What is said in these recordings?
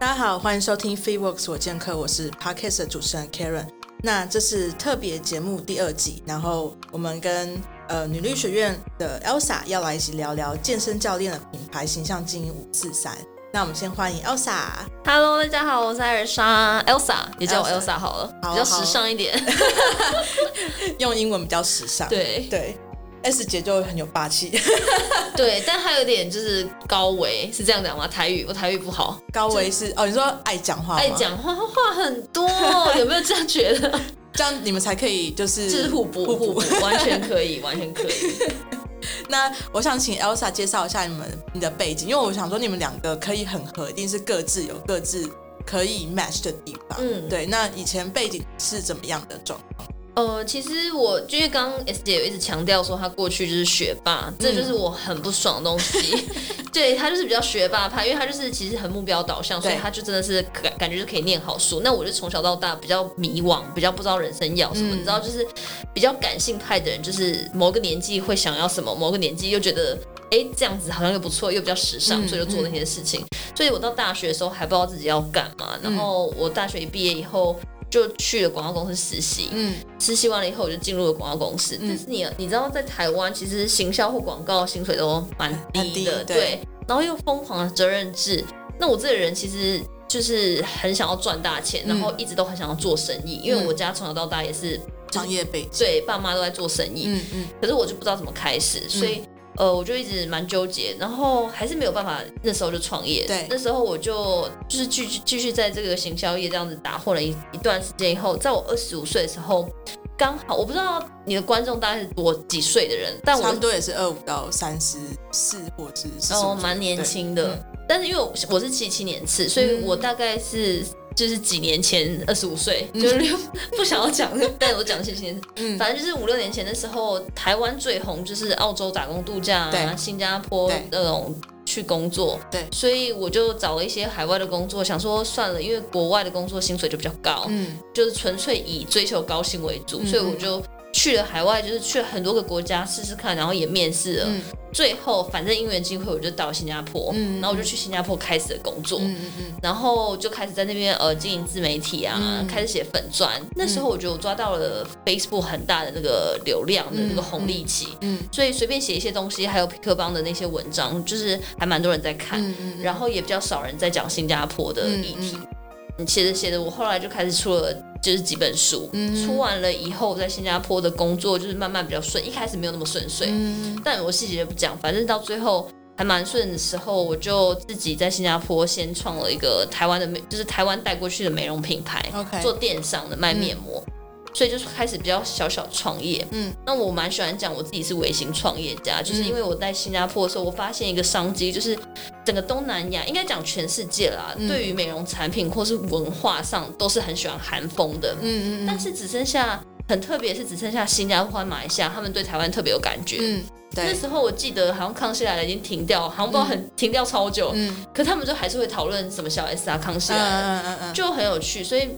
大家好，歡迎收聽 Fitworks 我健客，我是 Podcast 的主持人 Karen。那這是特別節目第二集，然後我們跟呃女力學院的 Elsa 要來一起聊聊健身教練的品牌形象經營五四三。那我們先歡迎 Elsa。Hello，大家好，我是艾兒莎，Elsa 也 Elsa. 叫我 Elsa 好了好，比較時尚一點， 用英文比較時尚。對對。S 姐就很有霸氣， 對，但她有點就是高維，是這樣講嗎？台語，我台語不好。高維是哦，你說愛講話，愛講話，話很多，有沒有這樣覺得？這樣你們才可以就是、就是、互補，互補，完全可以， 完全可以，完全可以。 那我想請 Elsa 介紹一下你們你的背景，因為我想說你們兩個可以很合，一定是各自有各自可以 match 的地方。嗯，對。那以前背景是怎麼樣的狀況？呃，其實我因為剛剛 S 姐有一直強調說她過去就是學霸、嗯，這就是我很不爽的東西。 對他就是比較學霸派，因為他就是其實很目標導向，所以他就真的是感感覺就可以念好書。那我就從小到大比較迷惘，比較不知道人生要什麼，你、嗯、知道，就是比較感性派的人，就是某個年紀會想要什麼，某個年紀又覺得哎這樣子好像又不錯，又比較時尚，嗯、所以就做那些事情、嗯。所以我到大學的時候還不知道自己要幹嘛，然後我大學一畢業以後。就去了廣告公司實習，嗯，實習完了以後我就進入了廣告公司、嗯。但是你，你知道在台灣其實行銷或廣告薪水都蠻低的，低對，對，然後又瘋狂的責任制。那我這個人其實就是很想要賺大錢、嗯，然後一直都很想要做生意，嗯、因為我家從小到大也是商業背景，對，爸媽都在做生意，嗯嗯。可是我就不知道怎麼開始，所以。嗯呃，我就一直蠻糾結，然後還是沒有辦法，那時候就創業。對，那時候我就就是繼續繼續在這個行銷業這樣子打混了一一段時間以後，在我二十五歲的時候，剛好我不知道你的觀眾大概是多幾歲的人，但我差不多也是二五到三十四或者是四十哦，蠻年輕的、嗯。但是因為我是七七年次，所以我大概是。就是幾年前，二十五歲，就是不想要講， 但我講之前，反正就是五六年前的時候，台灣最紅就是澳洲打工度假，啊，新加坡那種去工作，對，所以我就找了一些海外的工作，想說算了，因為國外的工作薪水就比較高，嗯，就是純粹以追求高薪為主，嗯，所以我就。去了海外，就是去了很多個國家試試看，然後也面試了、嗯，最後反正因緣際會，我就到了新加坡、嗯，然後我就去新加坡開始了工作，嗯嗯、然後就開始在那邊呃經營自媒體啊，嗯、開始寫粉專、嗯。那時候我覺得我抓到了 Facebook 很大的那個流量的那個紅利期、嗯嗯嗯，所以隨便寫一些東西，還有痞客邦的那些文章，就是還蠻多人在看、嗯，然後也比較少人在講新加坡的議題。嗯嗯、寫着寫着，我後來就開始出了。就是幾本書，嗯、出完了以後，在新加坡的工作就是慢慢比較順，一開始沒有那麼順遂、嗯，但我細節就不講，反正到最後還蠻順的時候，我就自己在新加坡先創了一個台灣的美，就是台灣帶過去的美容品牌，Okay、做電商的賣面膜。嗯所以就是開始比較小小創業，嗯，那我蠻喜歡講我自己是微型創業家，嗯，就是因為我在新加坡的時候，我發現一個商機，就是整個東南亞應該講全世界啦，嗯，對於美容產品或是文化上，嗯，都是很喜歡韓風的，嗯嗯，但是只剩下很特別是只剩下新加坡馬來西亞，他們對台灣特別有感覺，嗯，對，那時候我記得好像康熙來了已經停掉，好像不知道很，嗯，停掉超久，嗯，可他們就還是會討論什麼小 S 啊康熙來了，就很有趣，所以。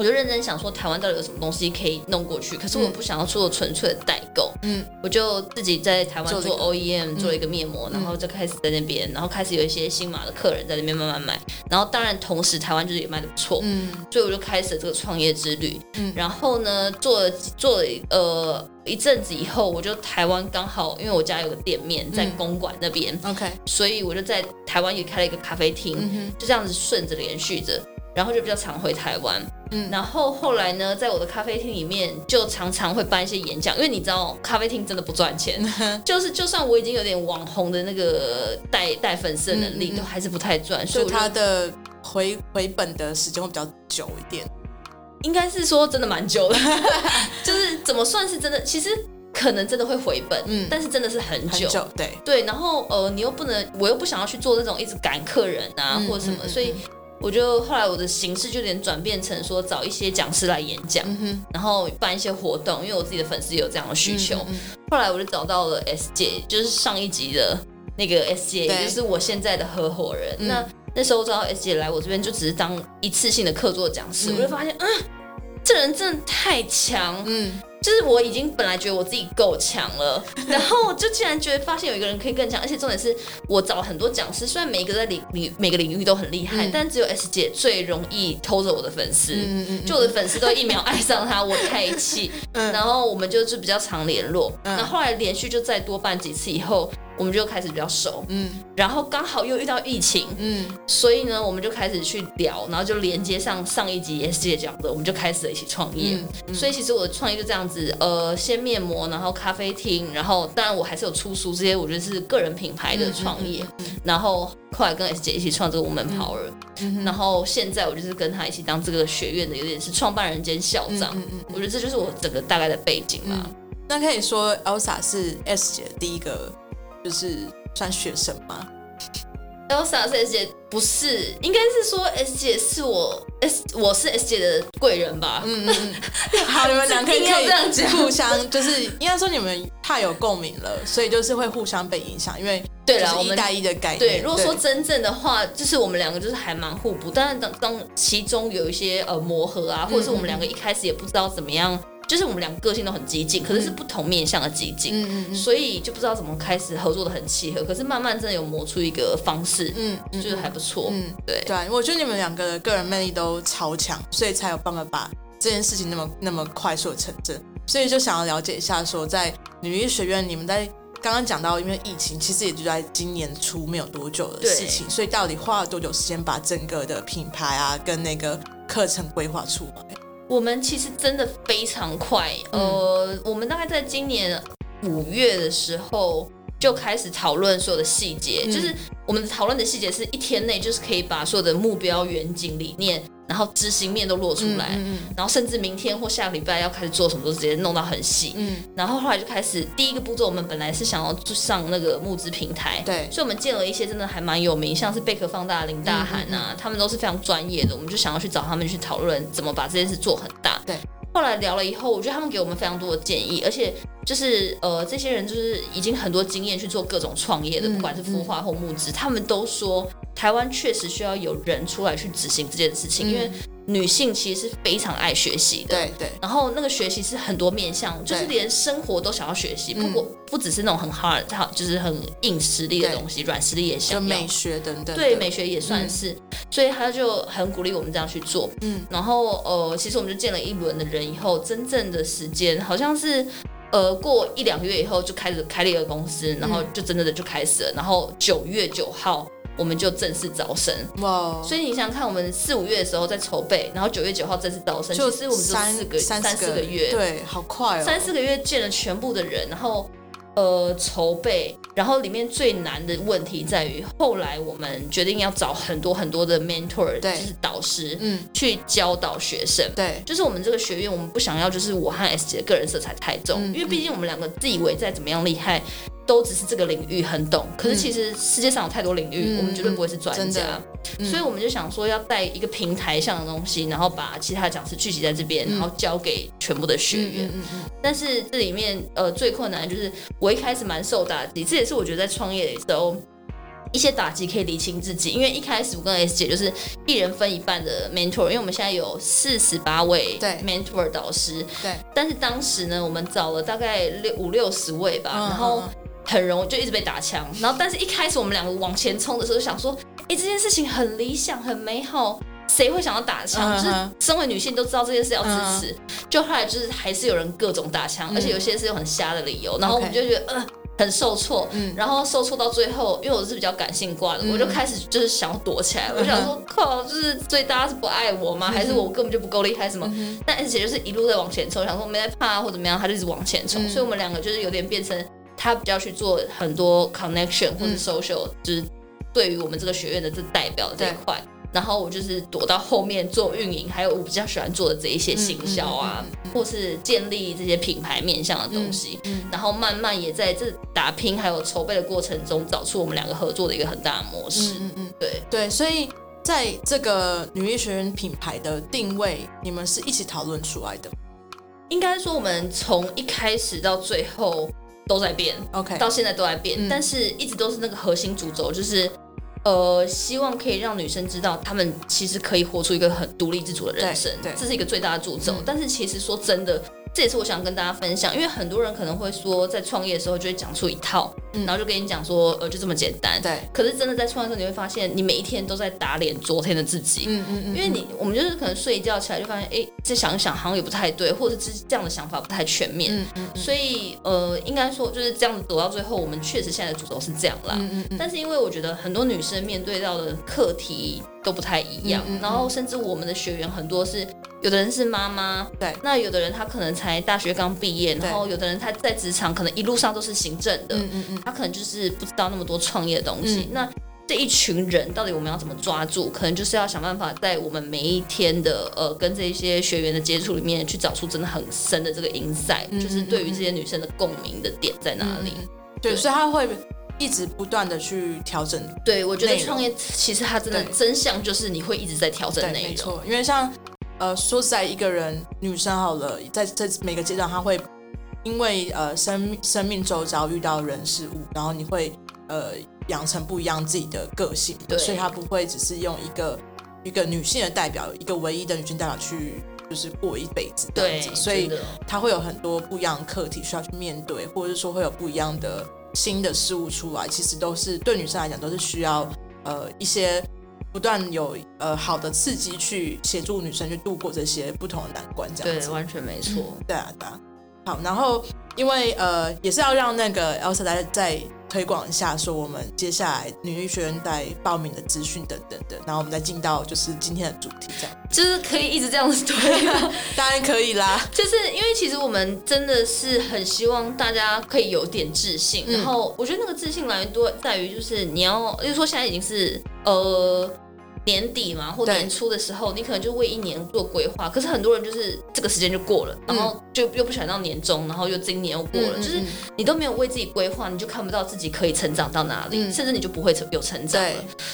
我就認真想說，台灣到底有什麼東西可以弄過去？可是我不想要做純粹的代購，嗯，我就自己在台灣做 OEM，做一個面膜，嗯，然後就開始在那邊，然後開始有一些新馬的客人在那邊慢慢買，然後當然同時台灣就是也賣得不錯，嗯，所以我就開始了這個創業之旅，嗯，然後呢，做了做了呃一陣子以後，我就台灣剛好因為我家有個店面在公館那邊，嗯，OK，所以我就在台灣也開了一個咖啡廳，嗯，就這樣子順着連續着。然後就比較常回台灣，嗯，然後後來呢，在我的咖啡廳裡面就常常會辦一些演講，因為你知道咖啡廳真的不賺錢、嗯，就是就算我已經有點網紅的那個帶帶粉絲能力、嗯嗯，都還是不太賺，所以他的回回本的時間會比較久一點，應該是說真的蠻久的。 就是怎麼算是真的，其實可能真的會回本，嗯，但是真的是很久，很久，對對，然後呃，你又不能，我又不想要去做這種一直趕客人啊、嗯、或者什麼、嗯，所以。我就後來我的形式就有點轉變成說找一些講師來演講、嗯，然後辦一些活動，因為我自己的粉絲有這樣的需求嗯嗯嗯。後來我就找到了 S 姐，就是上一集的那個 S 姐，也就是我現在的合夥人。嗯、那那時候找到 S 姐來我這邊就只是當一次性的客座講師、嗯，我就發現，嗯、啊，這人真的太強，嗯。就是我已經本來覺得我自己夠強了，然後就竟然覺得發現有一個人可以更強，而且重點是我找了很多講師，雖然每一個在領每個領域都很厲害、嗯，但只有 S 姐最容易偷走我的粉絲、嗯嗯，就我的粉絲都一秒愛上他，嗯、我太氣、嗯，然後我們就是比較常聯絡，那、嗯、後，後來連續就再多辦幾次以後，我們就開始比較熟，嗯，然後剛好又遇到疫情嗯，嗯，所以呢，我們就開始去聊，然後就連接上上一集 S 姐講的，我們就開始一起創業，嗯、所以其實我的創業就這樣。呃，先面膜，然後咖啡廳，然後當然我還是有出書這些，我覺得是個人品牌的創業，嗯嗯嗯、然後後來跟 S 姐一起創這個 Woomanpower、嗯嗯嗯、然後現在我就是跟她一起當這個學院的，有點是創辦人兼校長，我覺得這就是我整個大概的背景嘛、嗯。那可以說 Elsa 是 S 姐第一個就是算學生嗎？L.S.S 姐不是，應該是說 S 姐是我 S，我是 S 姐的貴人吧？嗯嗯好，你們兩個這樣講。互相，就是應該說你們太有共鳴了，所以就是會互相被影響，因為對了，我們一帶一的概念對。對，如果說真正的話，就是我們兩個就是還蠻互補，但是當當其中有一些呃磨合啊，或者是我們兩個一開始也不知道怎麼樣。就是我們倆個性都很激進，可是是不同面向的激進，嗯嗯，所以就不知道怎麼開始合作的很契合，可是慢慢真的有磨出一個方式，嗯嗯，就是還不錯，嗯，對對。我覺得你們兩個的個人魅力都超強，所以才有辦法把這件事情那麼那麼快速的成真，所以就想要了解一下說，說在女力學院，你們在剛剛講到因為疫情，其實也就在今年初沒有多久的事情，所以到底花了多久時間把整個的品牌啊跟那個課程規劃出來？我們其實真的非常快，嗯、呃，我們大概在今年五月的時候，就開始討論所有的細節，嗯，就是我們討論的細節是一天內就是可以把所有的目標、遠景、理念，然後執行面都落出來，嗯嗯，然後甚至明天或下個禮拜要開始做什麼都直接弄到很細。嗯，然後後來就開始第一個步驟，我們本來是想要就上那個募資平台，對，所以我們見了一些真的還蠻有名，像是貝殼放大的林大涵吶，啊嗯，他們都是非常專業的，我們就想要去找他們去討論怎麼把這件事做很大，對。後來聊了以後，我覺得他們給我們非常多的建議，而且就是呃，這些人就是已經很多經驗去做各種創業的、嗯，不管是孵化或募資，他們都說台灣確實需要有人出來去執行這件事情，嗯、因為。女性其實是非常愛學習的，對對。然後那個學習是很多面向，就是連生活都想要學習。嗯。不過不只是那種很 hard，好，就是很硬實力的東西，軟實力也想要。就美學等等。對，美學也算是，所以他就很鼓勵我們這樣去做。嗯。然後呃，其實我們就見了一輪的人以後，真正的時間好像是呃過一兩個月以後，就開始開了一個公司，然後就真正的就開始了。然後九月九號。我們就正式招生哇！Wow. 所以你想，想看，我們四五月的時候在籌備，然後九月九號正式招生，就是我們三四個三四個、個月，對，好快哦，三四個月見了全部的人，然後呃，籌備，然後裡面最難的問題在於，後來我們決定要找很多很多的 mentor，對，就是導師，嗯，去教導學生，對，就是我們這個學院，我們不想要就是我和 S 姐的個人色彩太重，嗯，因為畢竟我們兩個地位再怎麼樣厲害。嗯嗯都只是這個領域很懂，可是其實世界上有太多領域，嗯、我們絕對不會是專家，嗯，所以我們就想說要帶一個平台上的東西，然後把其他的講師聚集在這邊，然後交給全部的學員。嗯嗯嗯嗯嗯、但是這裡面呃最困難就是我一開始蠻受打擊，這也是我覺得在創業的時候一些打擊可以理清自己，因為一開始我跟 S 姐就是一人分一半的 mentor，因為我們現在有四十八位 mentor 導師對，對，但是當時呢我們找了大概六五六十位吧，然後。很容易就一直被打槍，然後但是一開始我們兩個往前衝的時候，就想說，哎，這件事情很理想，很美好，誰會想要打槍？就是身為女性都知道這件事要支持。就後來就是還是有人各種打槍，而且有些是有很瞎的理由，然後我們就覺得，嗯，很受挫。嗯。然後受挫到最後，因為我是比較感性掛的，我就開始就是想要躲起來。我就想說，靠，就是所以大家是不愛我嗎？還是我根本就不夠厲害什麼？但而且就是一路在往前衝，想說我沒在怕或怎麼樣，他就一直往前衝，所以我們兩個就是有點變成。他比較去做很多 connection 或者 social，嗯、就是對於我們這個學院的這代表這一塊。然後我就是躲到後面做運營，還有我比較喜歡做的這一些行銷啊、嗯嗯嗯嗯嗯嗯，或是建立這些品牌面向的東西。嗯嗯、然後慢慢也在這打拼，還有籌備的過程中，找出我們兩個合作的一個很大的模式。嗯嗯，嗯，對對。所以在這個女力學院品牌的定位，你們是一起討論出來的。應該說，我們從一開始到最後。都在變，OK，到現在都在變，嗯，但是一直都是那個核心主軸，就是，呃，希望可以讓女生知道，她們其實可以活出一個很獨立自主的人生，對對，這是一個最大的主軸，嗯。但是其實說真的。這也是我想跟大家分享。因為很多人可能會說，在創業的時候就會講出一套、嗯，然後就跟你講說，呃，就這麼簡單，對。可是真的在創業的時候，你會發現你每一天都在打臉昨天的自己，嗯嗯嗯，因為你、嗯、我們就是可能睡一覺起來就發現，哎，再想一想好像也不太對，或者是這樣的想法不太全面，嗯，嗯，所以呃，應該說就是這樣走到最後，我們確實現在的主軸是這樣啦。嗯嗯，嗯。但是因為我覺得很多女生面對到的課題都不太一樣，嗯嗯、然後甚至我們的學員很多是。有的人是媽媽，對，那有的人他可能才大學剛畢業，然後有的人他在職場可能一路上都是行政的，嗯嗯、嗯，他可能就是不知道那麼多創業的東西、嗯。那這一群人到底我們要怎麼抓住？嗯、可能就是要想辦法在我們每一天的呃跟這一些學員的接觸裡面去找出真的很深的這個 insight、嗯，就是對於這些女生的共鳴的點在哪裡、嗯嗯對？對，所以他會一直不斷的去調整。對，我覺得創業其實它真的真相就是你會一直在調整內容，因為像。呃，說實在，一個人女生好了，在在每個階段，她會因為呃生命生命周遭遇到人事物，然後你會呃養成不一樣自己的個性對，所以她不會只是用一個一個女性的代表，一個唯一的女性代表去就是過一輩子這樣子。對，所以她會有很多不一樣的課題需要去面對，或者是說會有不一樣的新的事物出來，其實都是對女生來講都是需要呃一些，不斷有呃好的刺激去協助女生去度過這些不同的難關，這樣子對，完全沒錯，嗯，對啊對啊，好，然後。因為呃，也是要讓那個 Elsa 再再推廣一下，說我們接下來女力學院在報名的資訊等等的，然後我們再進到就是今天的主題，這樣就是可以一直這樣子推、啊， 當然可以啦。就是因為其實我們真的是很希望大家可以有點自信，嗯、然後我覺得那個自信來源多在於就是你要，就說現在已經是呃。年底嘛，或年初的時候，你可能就為一年做規劃。可是很多人就是這個時間就過了，然後就又不想到年終，然後又今年又過了，嗯，就是你都沒有為自己規劃，你就看不到自己可以成長到哪裡，嗯、甚至你就不會成有成長了。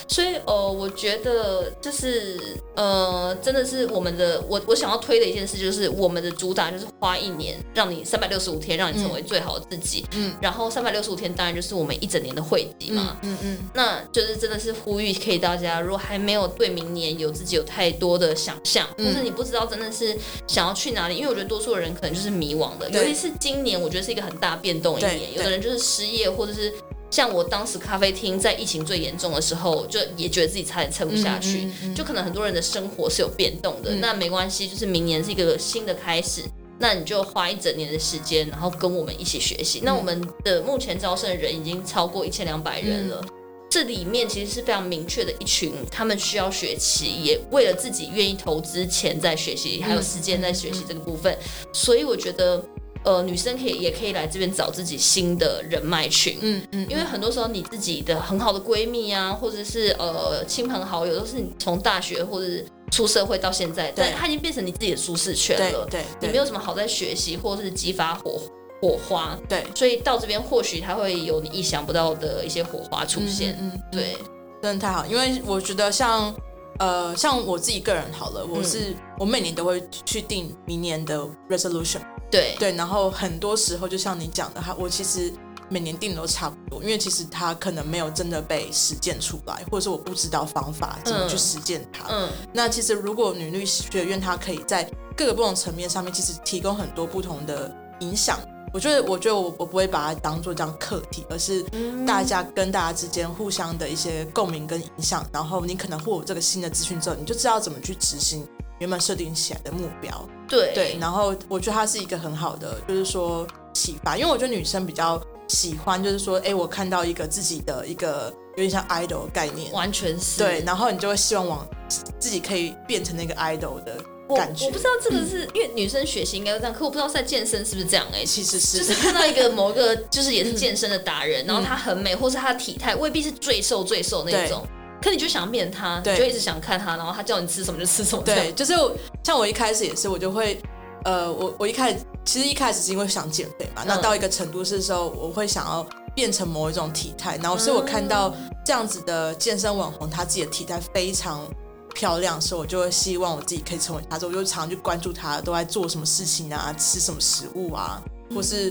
所以呃，我覺得就是呃，真的是我們的我我想要推的一件事，就是我們的主打就是花一年，讓你三百六十五天，讓你成為最好的自己。嗯，然後三百六十五天當然就是我們一整年的匯集嘛。嗯嗯，嗯，那就是真的是呼籲可以大家，如果還沒有。對明年有自己有太多的想象，就是你不知道真的是想要去哪裡，因為我覺得多數人可能就是迷惘的。尤其是今年，我覺得是一個很大的變動一年，有的人就是失業，或者是像我當時咖啡廳在疫情最嚴重的時候，就也覺得自己差點撐不下去，嗯嗯嗯嗯、就可能很多人的生活是有變動的。嗯、那沒關係，就是明年是一個新的開始，那你就花一整年的時間，然後跟我們一起學習。那我們的目前招生的人已經超過一千兩百人了。嗯這裡面其實是非常明確的一群，他們需要學習，也為了自己願意投資錢在學習，還有時間在學習這個部分。嗯嗯嗯。所以我覺得，呃，女生可以也可以來這邊找自己新的人脈群。嗯嗯，因為很多時候你自己的很好的閨蜜啊，或者是呃親朋好友，都是你從大學或者是出社會到現在，但它已經變成你自己的舒適圈了對對。對，你沒有什麼好在學習或者是激發火。火花對，所以到這邊或許它會有你意想不到的一些火花出現。嗯，嗯對，真的太好，因為我覺得像呃，像我自己個人好了，我是、嗯、我每年都會去定明年的 resolution 對。對對，然後很多時候就像你講的，哈，我其實每年定都差不多，因為其實它可能沒有真的被實踐出來，或者是我不知道方法怎麼去實踐它嗯。嗯，那其實如果女力學院它可以在各個不同層面上面，其實提供很多不同的影響。我覺得，我覺得我我不會把它當做這樣課題，而是大家跟大家之間互相的一些共鳴跟影響。然後你可能會有這個新的資訊之後，你就知道怎麼去執行原本設定起來的目標。對對，然後我覺得它是一個很好的，就是說啟發，因為我覺得女生比較喜歡，就是說，哎、欸，我看到一個自己的一個有點像 idol 的概念，完全是。對，然後你就會希望往自己可以變成那個 idol 的。我，我不知道這個是、嗯、因為女生學習應該這樣，可我不知道在健身是不是這樣哎、欸，其實是就是看到一個某一個就是也是健身的達人，嗯，然後他很美，嗯、或是他的體態未必是最瘦最瘦那種對，可你就想變他對，你就一直想看他，然後他叫你吃什麼就吃什麼，對，就是我像我一開始也是，我就會呃，我我一開始其實一開始是因為想減肥嘛，嗯，那到一個程度是時候，我會想要變成某一種體態，然後是我看到這樣子的健身網紅，他自己的體態非常。漂亮所時候，我就會希望我自己可以成為他。所以我就常常去關注他都在做什麼事情啊，吃什麼食物啊，嗯、或是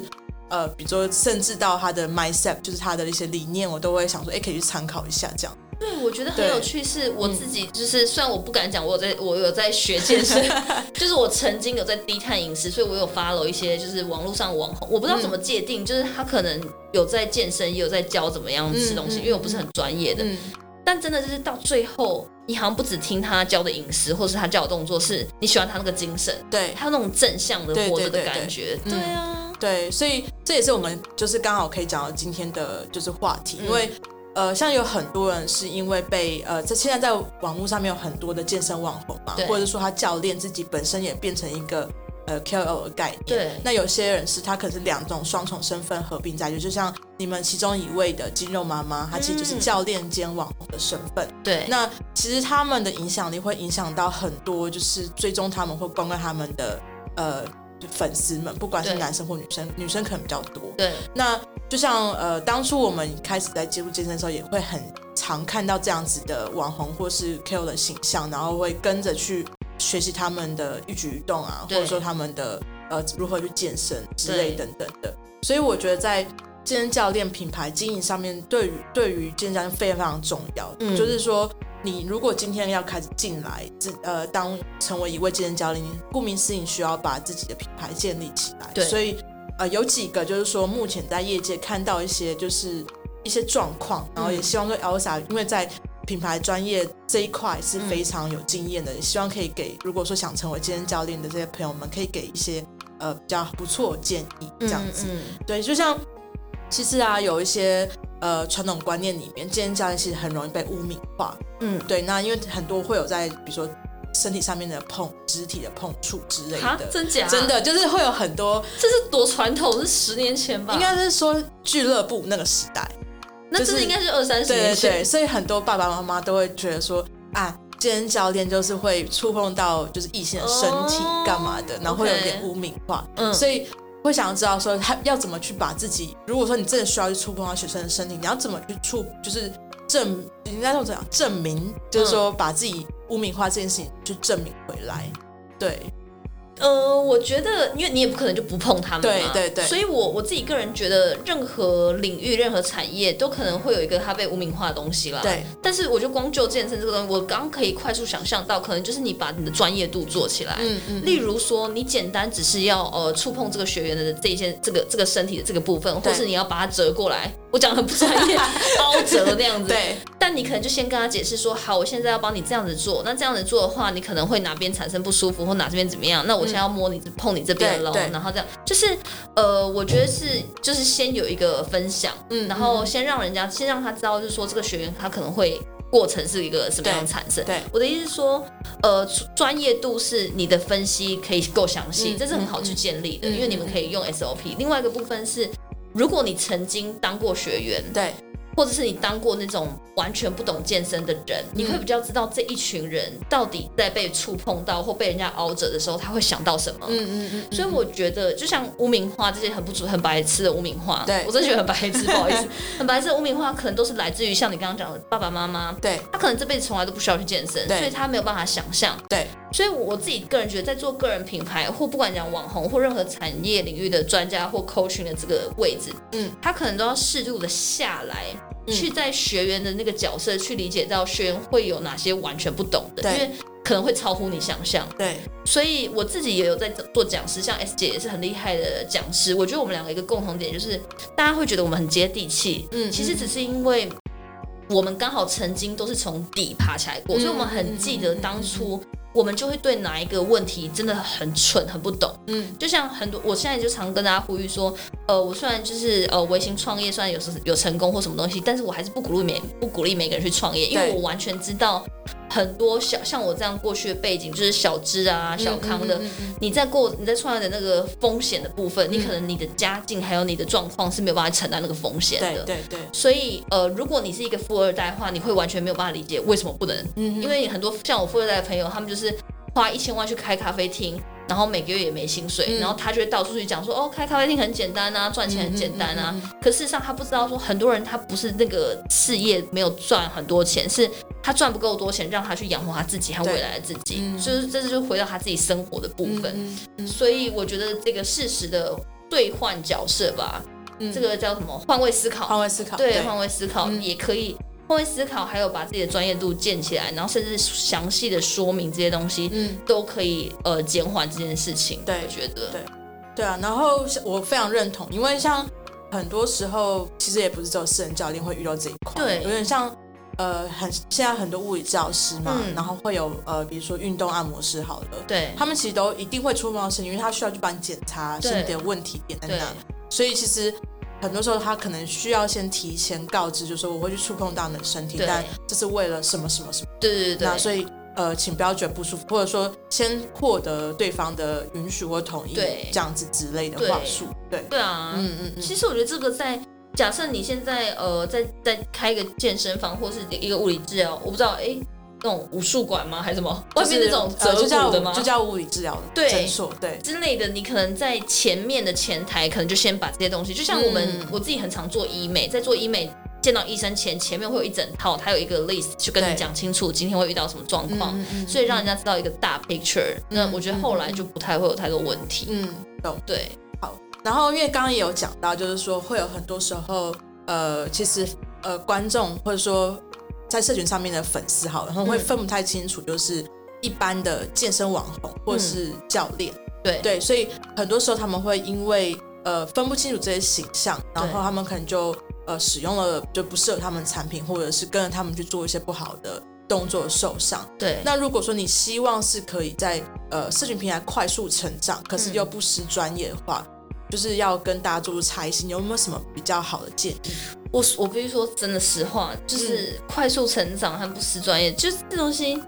呃，比如說甚至到他的 mindset，就是他的一些理念，我都會想說，哎、欸，可以去參考一下這樣。對，我覺得很有趣是，是我自己就是，嗯、雖然我不敢講，我有在我有在學健身， 就是我曾經有在低碳飲食，所以我有 follow 一些就是網絡上網紅，我不知道怎麼界定、嗯，就是他可能有在健身，也有在教怎麼樣吃東西，嗯嗯、因為我不是很專業的。嗯但真的就是到最後，你好像不只聽他教的飲食，或是他教的動作，是你喜歡他那個精神，對他有那種正向的對對對對活着的感覺對對對對、嗯。對啊，對，所以這也是我們就是剛好可以講到今天的就是話題，嗯、因為呃，像有很多人是因為被呃，這現在在網絡上面有很多的健身網紅嘛，或者說他教練自己本身也變成一個。呃 KOL 的概念。對。那有些人是，他可能是兩種雙重身份合併在一起，就像你們其中一位的肌肉媽媽、嗯，她其實就是教練兼網紅的身份。對。那其實他們的影響力會影響到很多，就是追蹤他們或觀看他們的呃粉絲們，不管是男生或女生，女生可能比較多。對。那就像呃，當初我們開始在接觸健身的時候，也會很常看到這樣子的網紅或是 KOL 的形象，然後會跟着去。學習他們的一舉一動啊，或者說他們的呃如何去健身之類等等的，所以我覺得在健身教練品牌經營上面對，對於對於健身教練非常非常重要。嗯、就是說你如果今天要開始進來，呃當成為一位健身教練，顧名思義需要把自己的品牌建立起來。對，所以呃有幾個就是說目前在業界看到一些就是一些狀況，然後也希望對 Elsa、嗯、因為在。品牌專業這一塊是非常有經驗的、嗯，也希望可以給如果說想成為健身教練的這些朋友們，可以給一些呃比較不錯建議，這樣子、嗯嗯。對，就像其實啊，有一些呃傳統觀念裡面，健身教練其實很容易被污名化。嗯，對，那因為很多會有在比如說身體上面的碰、肢體的碰觸之類的，真假真的就是會有很多。這是多傳統？是十年前吧？應該是說俱樂部那個時代。就是應該是二三對對對，所以很多爸爸媽媽都會覺得說啊，健身教練就是會觸碰到就是異性的身體幹嘛的，哦，然後會有點污名化，嗯，所以會想要知道說，他要怎麼去把自己，如果說你真的需要去觸碰到學生的身體，你要怎麼去觸，就是證，應該說怎樣證明，就是說把自己污名化這件事情去證明回來，對。呃，我覺得，因為你也不可能就不碰他們嘛，對對對。所以我，我我自己個人覺得，任何領域、任何產業都可能會有一個它被污名化的東西啦。對。但是，我覺得光就健身這個東西，我剛可以快速想象到，可能就是你把你的專業度做起來，嗯嗯，嗯。例如說，你簡單只是要呃觸碰這個學員的這些這個這個身體的這個部分，或是你要把它折過來。我講很不專業，包 折那樣子。對。但你可能就先跟他解釋說，好，我現在要幫你這樣子做。那這樣子做的話，你可能會哪邊產生不舒服，或哪邊怎麼樣？那我現在要摸你、嗯、碰你這邊的嘍。然後這樣，就是呃，我覺得是、哦、就是先有一個分享，嗯，然後先讓人家先讓他知道，就是說這個學員他可能會過程是一個什麼樣的產生對。對。我的意思是說，呃，專業度是你的分析可以夠詳細，這是很好去建立的，嗯嗯、因為你們可以用 SOP、嗯。另外一個部分是。如果你曾經當過學員，對，或者是你當過那種完全不懂健身的人，嗯、你會比較知道這一群人到底在被觸碰到或被人家熬着的時候，他會想到什麼？嗯嗯嗯。所以我覺得，嗯、就像污名化這些很不足、很白痴的污名化，對，我真覺得很白痴，不好意思， 很白痴的污名化可能都是來自於像你剛剛講的爸爸媽媽，對，他可能這輩子從來都不需要去健身，所以他沒有辦法想象。對。所以我自己個人覺得，在做個人品牌或不管講網紅或任何產業領域的專家或 coaching 的這個位置，嗯，他可能都要適度的下來、嗯，去在學員的那個角色去理解到學員會有哪些完全不懂的，因為可能會超乎你想象。對，所以我自己也有在做講師，像 S 姐也是很厲害的講師。我覺得我們兩個一個共同點就是，大家會覺得我們很接地氣。嗯，其實只是因為。我們剛好曾經都是從底爬起來過，嗯，所以我們很記得當初，我們就會對哪一個問題真的很蠢、很不懂。嗯，就像很多，我現在就常跟大家呼籲說，呃，我雖然就是呃，微型創業，雖然有時有成功或什麼東西，但是我還是不鼓勵每不鼓勵每個人去創業，因為我完全知道。很多小像我這樣過去的背景就是小資啊、小康的，嗯嗯嗯嗯、你在過你在創業的那個風險的部分、嗯，你可能你的家境還有你的狀況是沒有辦法承擔那個風險的。對對、對。所以呃，如果你是一個富二代的話，你會完全沒有辦法理解為什麼不能，嗯、因為你很多像我富二代的朋友，他們就是花一千萬去開咖啡廳。然後每個月也沒薪水，嗯，然後他就會到處去講說，哦，開咖啡廳很簡單啊，賺錢很簡單啊。嗯嗯嗯嗯嗯，可事實上他不知道，說很多人他不是那個事業沒有賺很多錢，是他賺不夠多錢，讓他去養活他自己和，嗯、未來的自己，所以這是就回到他自己生活的部分。嗯嗯嗯，所以我覺得這個事實的對換角色吧，嗯，這個叫什麼？換位思考。換位思考。對，對換位思考也可以。嗯換位思考，還有把自己的專業度建起來，然後甚至詳細的說明這些東西，嗯，都可以呃減緩這件事情。對，我覺得對，對，對啊。然後我非常認同，因為像很多時候其實也不是只有私人教練會遇到這一塊，對，有點像呃很現在很多物理治療師嘛、嗯，然後會有呃比如說運動按摩師好了，對，他們其實都一定會出這種事情，因為他需要去幫你檢查，對，身體有點問題點在哪，對，所以其實。很多時候他可能需要先提前告知，就是說我會去觸碰到你的身體，但這是為了什麼什麼什麼？對對對。那所以呃，請不要覺得不舒服，或者說先獲得對方的允許或同意，這樣子之類的話術，對。對啊，嗯嗯嗯。其實我覺得這個在假設你現在呃在在開一個健身房或是一個物理治療，我不知道哎。欸那種武術館嗎，還是什麼、就是？外面那種就叫的嗎？呃、就叫物理治療的診所，對，之類的。你可能在前面的前台，可能就先把這些東西，就像我們、嗯、我自己很常做醫美，在做醫美見到醫生前，前面會有一整套，他有一個 list 去跟你講清楚今天會遇到什麼狀況、嗯嗯嗯，所以讓人家知道一個大 picture、嗯。那我覺得後來就不太會有太多問題。嗯，懂。對，好。然後因為剛剛也有講到，就是說會有很多時候，呃，其實呃，觀眾或者說。在社群上面的粉絲好，他們會分不太清楚，就是一般的健身網紅或者是教練、嗯，對對，所以很多時候他們會因為呃分不清楚這些形象，然後他們可能就呃使用了就不適合他們的產品，或者是跟着他們去做一些不好的動作的受傷。對，那如果說你希望是可以在呃社群平台快速成長，可是又不失專業的話，嗯就是要跟大家做出猜心，有沒有什麼比較好的建議？我我必須說，真的實話，就是快速成長和不失專業，嗯、就是、這東西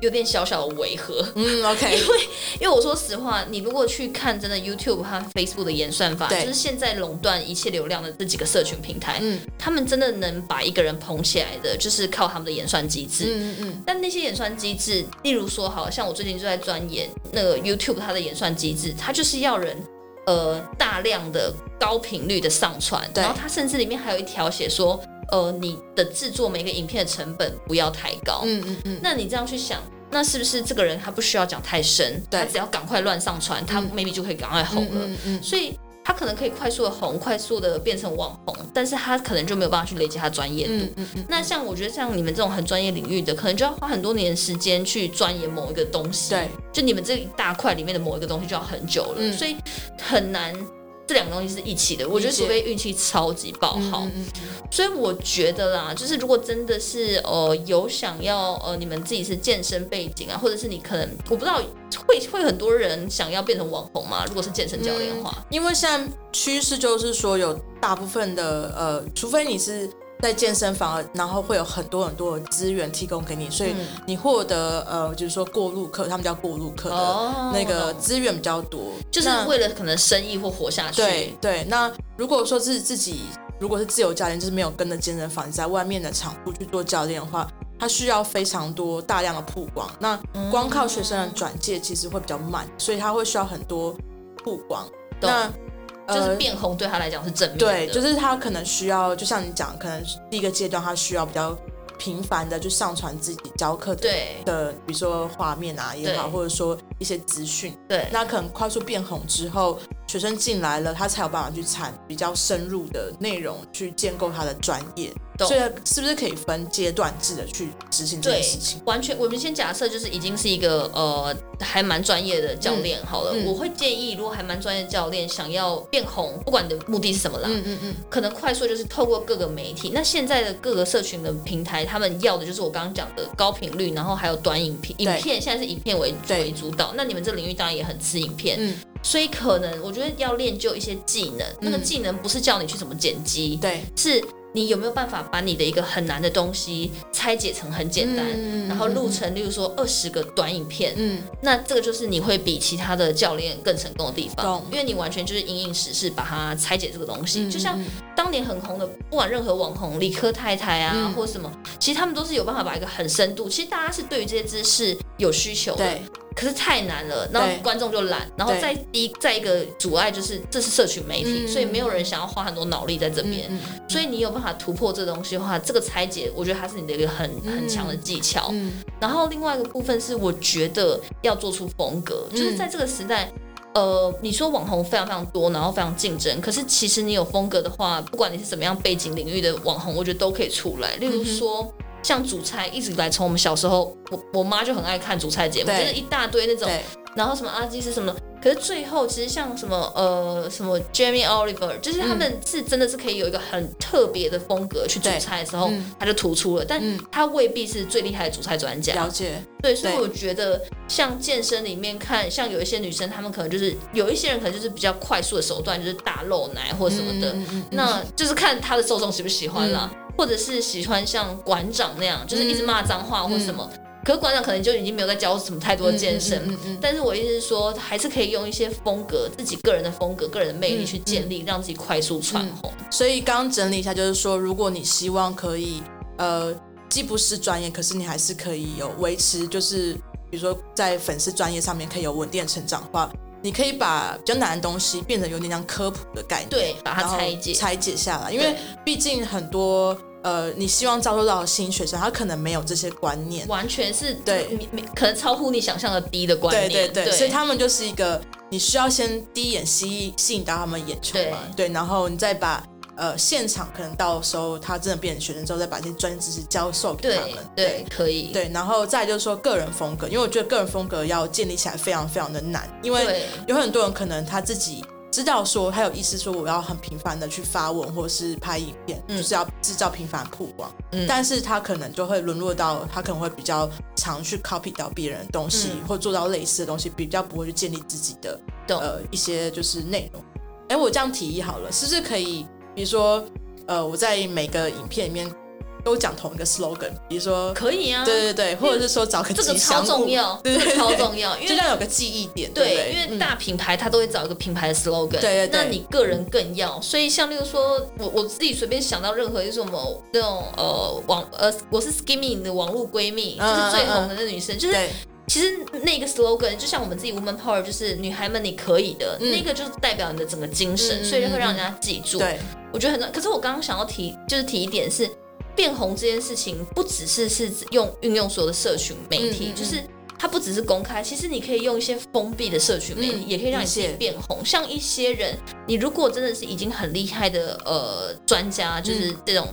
有點小小的違和。嗯，OK，因為因為我說實話，你如果去看真的 YouTube 和 Facebook 的演算法，就是現在壟斷一切流量的這幾個社群平台，嗯，他們真的能把一個人捧起來的，就是靠他們的演算機制。嗯嗯，但那些演算機制，例如說好，好像我最近就在鑽研那個 YouTube 它的演算機制，它就是要人。呃，大量的高頻率的上傳，然後它甚至裡面還有一條寫說，呃，你的製作每個影片的成本不要太高。嗯嗯嗯。那你這樣去想，那是不是這個人他不需要講太深，嗯，他只要趕快亂上傳，嗯，他 maybe 就可以趕快紅了？嗯嗯，嗯，嗯。所以。他可能可以快速的紅，快速的變成網紅，但是他可能就沒有辦法去累積他專業度。嗯嗯嗯。那像我覺得像你們這種很專業領域的，可能就要花很多年時間去鑽研某一個東西。對。就你們這一大塊裡面的某一個東西，就要很久了，嗯、所以很難。這兩個東西是一起的，我覺得除非運氣超級爆好。嗯嗯嗯，所以我覺得啦，就是如果真的是呃有想要呃，你們自己是健身背景啊，或者是你可能我不知道會會很多人想要變成網紅嗎？如果是健身教練的話。嗯，因為現在趨勢就是說有大部分的呃，除非你是，在健身房，然後會有很多很多的資源提供給你，所以你獲得、嗯、呃，就是說過路客，他們叫過路客的那個資源比較多、哦，就是為了可能生意或活下去。對對。那如果說是自己，如果是自由教練，就是沒有跟着健身房，在外面的場部去做教練的話，他需要非常多大量的曝光。那光靠學生的轉介其實會比較慢，所以他會需要很多曝光。那就是變紅對他來講是正面的，呃，對，就是他可能需要，就像你講，可能第一個階段他需要比較頻繁的就上傳自己教課的，對的，比如說畫面啊也好，或者說一些資訊，對，那可能快速變紅之後。學生進來了，他才有辦法去產比較深入的內容去建構他的專業。對，所以是不是可以分階段制的去執行這件事情？對，完全。我們先假設就是已經是一個呃還蠻專業的教練，嗯，好了，嗯。我會建議，如果還蠻專業的教練想要變紅，不管你的目的是什麼啦。嗯嗯嗯。可能快速就是透過各個媒體。那現在的各個社群的平台，他們要的就是我剛剛講的高頻率，然後還有短影片。影片現在是影片為主為主導。那你們這領域當然也很吃影片。嗯。所以可能我覺得要練就一些技能、嗯，那個技能不是叫你去怎麼剪輯，對，是你有沒有辦法把你的一個很難的東西拆解成很簡單，嗯、然後錄成，例如說二十個短影片，嗯，那這個就是你會比其他的教練更成功的地方、嗯，因為你完全就是因應時事把它拆解這個東西，嗯、就像。當年很紅的，不管任何網紅，理科太太啊，或者什麼、嗯，其實他們都是有辦法把一個很深度。其實大家是對於這些知識有需求的，對。可是太難了，那觀眾就懶。然後再一再一個阻礙就是，這是社群媒體、嗯，所以沒有人想要花很多腦力在這邊。嗯、所以你有辦法突破這東西的話，這個拆解，我覺得它是你的一個很、嗯、很強的技巧、嗯嗯。然後另外一個部分是，我覺得要做出風格，就是在這個時代。嗯嗯呃，你說網紅非常非常多，然後非常競爭，可是其實你有風格的話，不管你是怎麼樣背景領域的網紅，我覺得都可以出來。例如說，嗯、像煮菜一直來從我們小時候，我我媽就很愛看煮菜節目，就是一大堆那種，然後什麽阿基師什麽。可是最後，其實像什麼呃什麼 Jamie Oliver，就是他們是真的是可以有一個很特別的風格去煮菜的時候，嗯，他就突出了，嗯，但他未必是最厲害的煮菜專家。了解，對，所以我覺得像健身裡面看，像有一些女生，她們可能就是有一些人可能就是比較快速的手段，就是大露奶或什麼的，嗯嗯嗯，那就是看他的受眾喜不喜歡啦，嗯，或者是喜歡像館長那樣，就是一直罵髒話或什麼。嗯嗯可是館長可能就已經沒有再教我什麼太多的健身、嗯嗯嗯嗯嗯，但是我意思是說，還是可以用一些風格，自己個人的風格、個人的魅力去建立，嗯嗯、讓自己快速竄紅、嗯。所以剛整理一下，就是說，如果你希望可以，呃，既不失專業，可是你還是可以有維持，就是比如說在粉絲專業上面可以有穩定的成長的話，你可以把比較難的東西變成有點像科普的概念，對，把它拆解拆解下來，因為畢竟很多。呃，你希望招收到的新學生，他可能沒有這些觀念，完全是，對，可能超乎你想象的低的觀念。對對對，對，所以他們就是一個，你需要先第一眼吸吸引到他們眼球嘛對，對，然後你再把呃現場，可能到時候他真的變成學生之後，再把這些專業知識教授給他們對對。對，可以。對，然後再就是說個人風格，因為我覺得個人風格要建立起來非常非常的難，因為有很多人可能他自己。知道說他有意思，說我要很頻繁的去發文或是拍影片，嗯、就是要製造頻繁曝光。嗯、但是他可能就會淪落到他可能會比較常去 copy 到別人的東西，嗯，或做到類似的東西，比較不會去建立自己的呃一些就是內容。哎、欸，我這樣提議好了，是不是可以？比如說，呃，我在每個影片裡面，都講同一個 slogan，比如說可以啊，對對對，或者是說找個吉祥物，這個，超重要，對，對，這個，超重要，因為要有個記憶點，對，對，對，對，因為大品牌它都會找一個品牌的 slogan，對，對，對，對，那你個人更要，所以像例如說我我自己隨便想到任何一種什麼那種呃網呃我是 skimming 的網絡閨蜜，就，嗯，是最紅的那女生，嗯，就是，嗯、其實那個 slogan 就像我們自己 Woomanpower，就是女孩們你可以的，嗯、那個就是代表你的整個精神，嗯，所以就會讓人家記住。嗯嗯，對，我覺得很可是我剛剛想要提就是提一點是。變紅這件事情不只是是用運用所有的社群媒體、嗯嗯，就是它不只是公開。其實你可以用一些封閉的社群媒體，嗯、也可以讓你自己變紅、嗯。像一些人，你如果真的是已經很厲害的呃專家，就是這種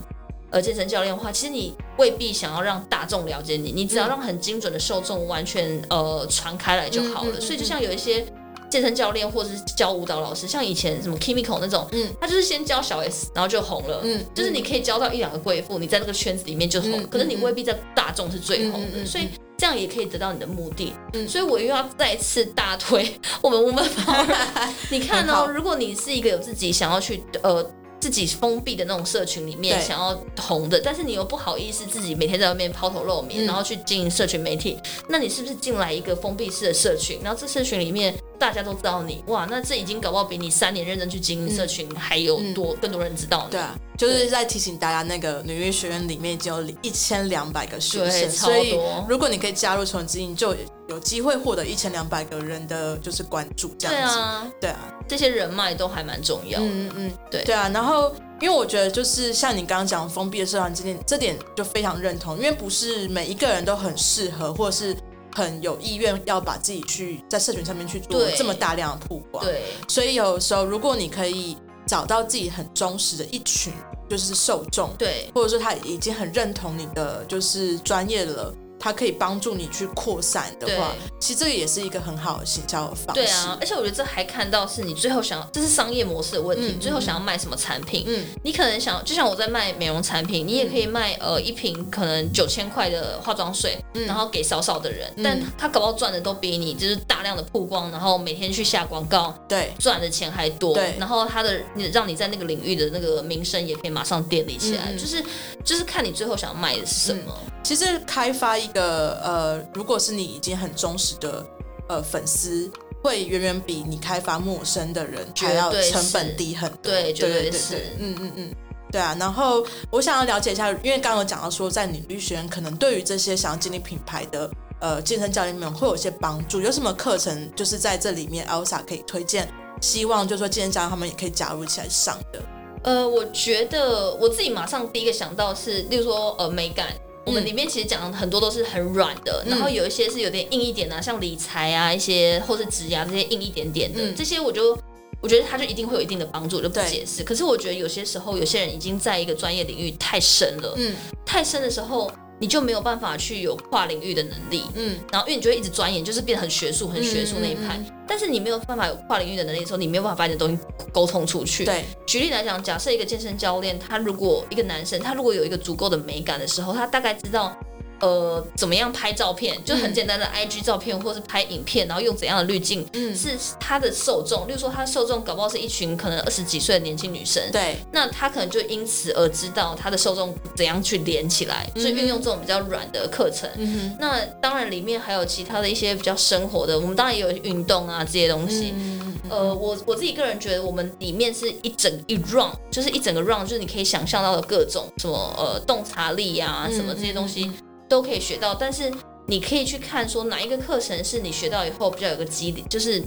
呃、嗯、健身教練的話，其實你未必想要讓大眾了解你，你只要讓很精準的受眾完全呃傳開來就好了、嗯嗯嗯嗯。所以就像有一些。健身教練或者是教舞蹈老師，像以前什麼 Kimiko 那種，嗯，他就是先教小 S，然後就紅了，嗯，就是你可以教到一兩個貴婦，你在那個圈子裡面就紅了、嗯，可是你未必在大眾是最紅的、嗯嗯，所以這樣也可以得到你的目的。嗯，所以我又要再次大推、嗯、我們我們 Woomanpower， 你看哦，如果你是一個有自己想要去呃自己封閉的那種社群裡面想要紅的，但是你又不好意思自己每天在外面拋頭露面、嗯，然後去經營社群媒體，那你是不是進來一個封閉式的社群？然後這社群裡面。大家都知道你哇，那這已經搞不好比你三年認真去經營社群還有多、嗯嗯、更多人知道你。對啊，就是在提醒大家，那個女力學院裡面已經有一千兩百個學生，超多，如果你可以加入崇仁基就有機會獲得一千兩百個人的就是關注這樣子。對啊，對啊，這些人脈都還蠻重要。嗯嗯對。對啊，然後因為我覺得就是像你剛剛講封閉的社群之間這點就非常認同，因為不是每一個人都很適合，或者是。很有意願要把自己去在社群上面去做這麼大量的曝光，對，對，所以有時候如果你可以找到自己很忠實的一群，就是受眾，對，或者說他已經很認同你的就是專業了。它可以幫助你去擴散的話，其實這個也是一個很好的行銷方式。對啊，而且我覺得這還看到是你最後想要，這是商業模式的問題。你、嗯、最後想要賣什麼產品？嗯，你可能想，就像我在賣美容產品，嗯、你也可以賣呃一瓶可能九千塊的化妝水、嗯，然後給少少的人、嗯，但他搞不好賺的都比你就是大量的曝光，然後每天去下廣告，對，賺的錢還多。對，然後他的讓你在那個領域的那個名聲也可以馬上建立起來，嗯嗯就是就是看你最後想要賣的是什麼。嗯其實開發一個呃，如果是你已經很忠實的呃粉絲，會遠遠比你開發陌生的人還要成本低很多。對。對對對對，嗯嗯嗯，對啊。然後我想要了解一下，因為剛剛有講到說，在女力學院可能對於這些想要建立品牌的呃健身教練們會有一些幫助。有什麼課程就是在這裡面，Elsa 可以推薦？希望就是說健身教練他們也可以加入起來上的。呃，我覺得我自己馬上第一個想到是，例如說呃美感。嗯、我們裡面其實講很多都是很軟的，然後有一些是有點硬一點的，啊嗯，像理財啊，一些或是職涯這些硬一點點的。嗯、這些我就我覺得他就一定會有一定的幫助，我就不解釋。可是我覺得有些時候有些人已經在一個專業領域太深了，嗯、太深的時候，你就沒有辦法去有跨領域的能力，嗯，然後因為你就會一直鑽研，就是變得很學術、很學術那一派，嗯。但是你沒有辦法有跨領域的能力的時候，你沒有辦法把你的東西溝通出去。對，舉例來講，假設一個健身教練，他如果一個男生，他如果有一個足夠的美感的時候，他大概知道。呃，怎麼樣拍照片，就很簡單的 IG 照片，或是拍影片，嗯，然後用怎樣的濾鏡，嗯，是他的受眾，例如說他的受眾搞不好是一群可能二十幾歲的年輕女生。對，那他可能就因此而知道他的受眾怎樣去連起來，嗯，所以運用這種比較軟的課程。嗯，那當然裡面還有其他的一些比較生活的，我們當然也有運動啊這些東西。嗯、呃，我我自己個人覺得，我們裡面是一整一 round，就是一整個 round，就是你可以想象到的各種什麼呃洞察力呀、啊，什麼這些東西。嗯都可以學到，但是你可以去看說哪一個課程是你學到以後比較有個激勵。就是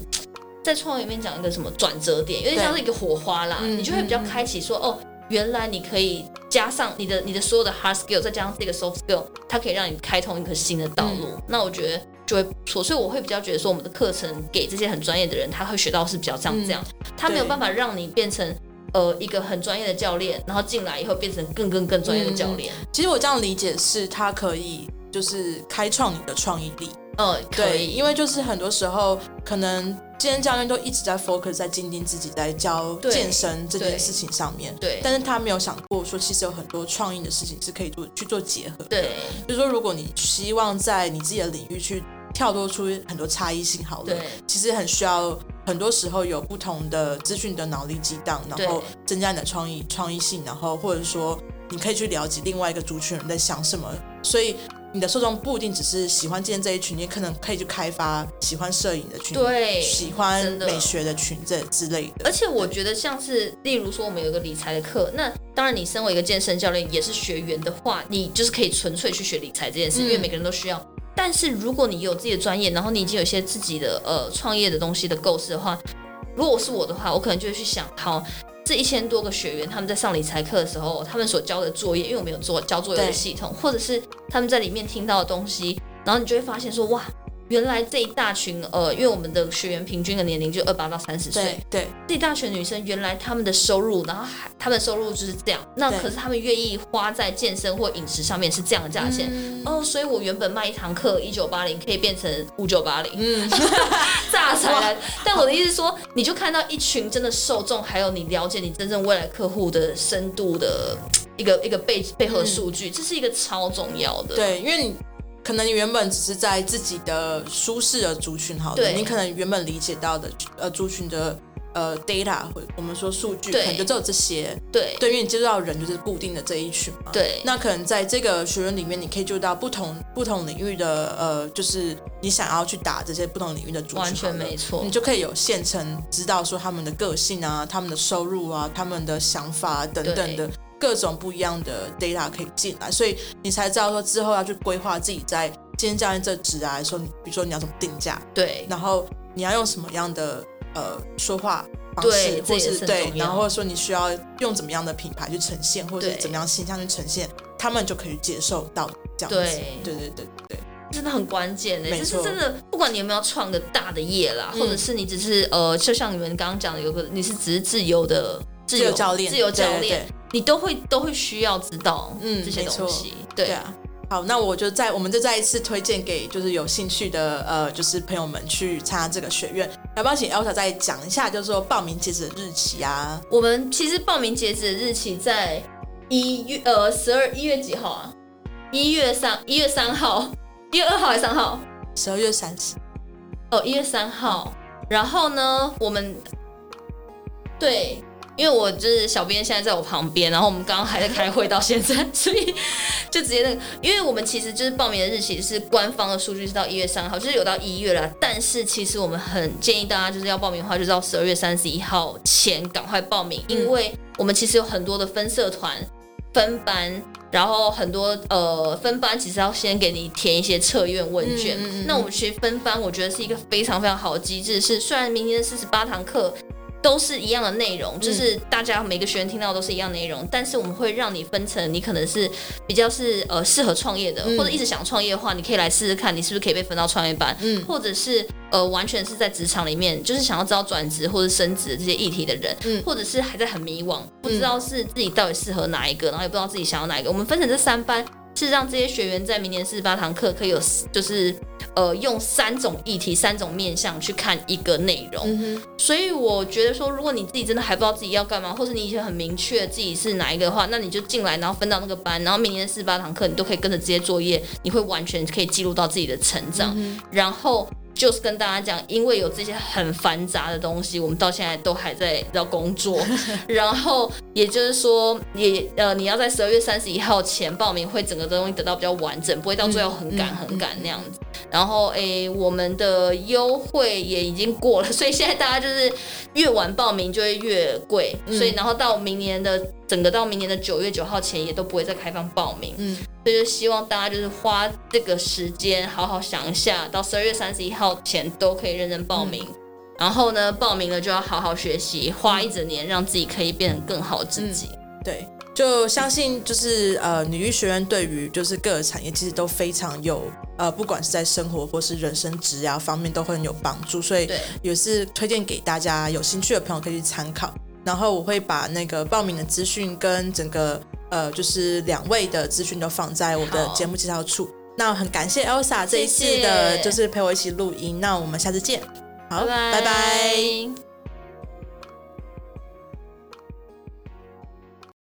在創業裡面講一個什麼轉折點，有點像是一個火花啦，嗯、你就會比較開啟說、嗯、哦，原來你可以加上你的你的所有的 hard skill，再加上這個 soft skill，它可以讓你開通一個新的道路。嗯、那我覺得就會所，所以我會比較覺得說我們的課程給這些很專業的人，他會學到是比較像這樣這樣、嗯，他沒有辦法讓你變成。呃，一個很專業的教練，然後進來以後變成更更更專業的教練。嗯，其實我這樣理解是，他可以就是開創你的創意力。呃，哦，對，因為就是很多時候，可能健身教練都一直在 focus 在精進自己，在教健身這件事情上面。對，對對，但是他沒有想過說，其實有很多創意的事情是可以去做去做結合的。對，就是說如果你希望在你自己的領域去。跳脫出很多差異性好了，好的，其實很需要很多時候有不同的資訊的腦力激盪，然後增加你的創意、創意性，然後或者說你可以去了解另外一個族群人在想什麼，所以你的受眾不一定只是喜歡健身這一群，你可能可以去開發喜歡攝影的群，對，喜歡美學的群這之類的。而且我覺得像是例如說我們有一個理財的課，那當然你身為一個健身教練也是學員的話，你就是可以純粹去學理財這件事，嗯、因為每個人都需要。但是如果你有自己的專業，然後你已經有一些自己的呃創業的東西的構思的話，如果是我的話，我可能就會去想，好，這一千多個學員他們在上理財課的時候，他們所交的作業，因為我沒有做交作業的系統，或者是他們在裡面聽到的東西，然後你就會發現說，哇。原來這一大群，呃，因為我們的學員平均的年齡就二八到三十歲。對。對，這一大群女生原來她們的收入，然後還她們的收入就是這樣。那可是她們願意花在健身或飲食上面是這樣的價錢，嗯、哦，所以我原本賣一堂課一九八零，可以變成五九八零。嗯， 炸慘彩 但我的意思是說， 你就看到一群真的受眾，還有你了解你真正未來客戶的深度的一個一個背背後的數據，嗯，這是一個超重要的。對，因為你。可能你原本只是在自己的舒適的族群好，好對，你可能原本理解到的呃族群的呃 data，或我們說數據，可能就只有這些。對，因為你接觸到人就是固定的這一群嘛。對。那可能在這個學院裡面，你可以就到不同不同領域的呃，就是你想要去打這些不同領域的族群。完全沒錯，你就可以有現成知道說他們的個性啊，他們的收入啊，他們的想法啊，等等的。對各種不一樣的 data 可以進來，所以你才知道說之後要去規劃自己在今天教練這職啊，說你比如說你要怎麼定價，對，然後你要用什麼樣的呃說話方式，對，或是這也是很重要。對，然後或者說你需要用怎麼樣的品牌去呈現，或者怎麼樣形象去呈現，他們就可以接受到這樣子。對對對對對，真的很關鍵誒，就是真的不管你有沒有創個大的業啦、嗯，或者是你只是呃，就像你們剛剛講的，有個你是只是自由的。自由教練，自由教練，你都會都會需要知道，嗯，這些東西、嗯，對，對啊。好，那我就再，我們就再一次推薦給就是有興趣的呃，就是朋友們去參加這個學院。要不要請 Elsa 再講一下，就是說報名截止日期啊。我們其實報名截止日期在一月呃十二一月幾號啊？一月三一月三號，一月二號還是三號？十二月三十哦，一月三號。然後呢，我們對。因為我就是小編，現在在我旁邊，然後我們剛剛還在開會到現在，所以就直接那個，因為我們其實就是報名的日期是官方的數據是到一月三號，就是有到一月了。但是其實我們很建議大家就是要報名的話，就是到十二月三十一號前趕快報名，因為我們其實有很多的分社團、分班，然後很多呃分班其實要先給你填一些測驗問卷、嗯。那我們其實分班，我覺得是一個非常非常好的機制，是雖然明天四十八堂課，都是一樣的內容，就是大家每個學員聽到的都是一樣內容，嗯，但是我們會讓你分成，你可能是比較是呃適合創業的，嗯，或者一直想創業的話，你可以來試試看你是不是可以被分到創業班，嗯，或者是呃完全是在職場裡面就是想要知道轉職或者升職這些議題的人，嗯，或者是還在很迷惘，不知道是自己到底適合哪一個，然後也不知道自己想要哪一個，我們分成這三班。是讓這些學員在明年四十八堂課可以有，就是呃用三種議題、三種面向去看一個內容。嗯、所以我覺得說，如果你自己真的還不知道自己要幹嘛，或是你以前很明確自己是哪一個的話，那你就進來，然後分到那個班，然後明年四十八堂課你都可以跟着這些作業，你會完全可以記錄到自己的成長。嗯、然後。就是跟大家講，因為有這些很繁雜的東西，我們到現在都還在要工作。 然後也就是說，也呃，你要在十二月三十一號前報名，會整個東西得到比較完整，不會到最後很趕、嗯、很趕、嗯、那樣子。然後誒、欸，我們的優惠也已經過了，所以現在大家就是越晚報名就會越貴，嗯、所以然後到明年的整個到明年的九月九號前也都不會再開放報名，嗯，所以就希望大家就是花這個時間好好想一下，到十二月三十一號前都可以認真報名，嗯，然後呢，報名了就要好好學習，花一整年讓自己可以變得更好自己，嗯、對。就相信，就是呃，女力學院對於就是各個產業其實都非常有呃，不管是在生活或是人生職涯方面都很有幫助，所以也是推薦給大家，有興趣的朋友可以去參考。然後我會把那個報名的資訊跟整個呃，就是兩位的資訊都放在我們的節目介紹處。那很感謝 Elsa 這一次的，就是陪我一起錄音，謝謝。那我們下次見，好，拜拜。Bye bye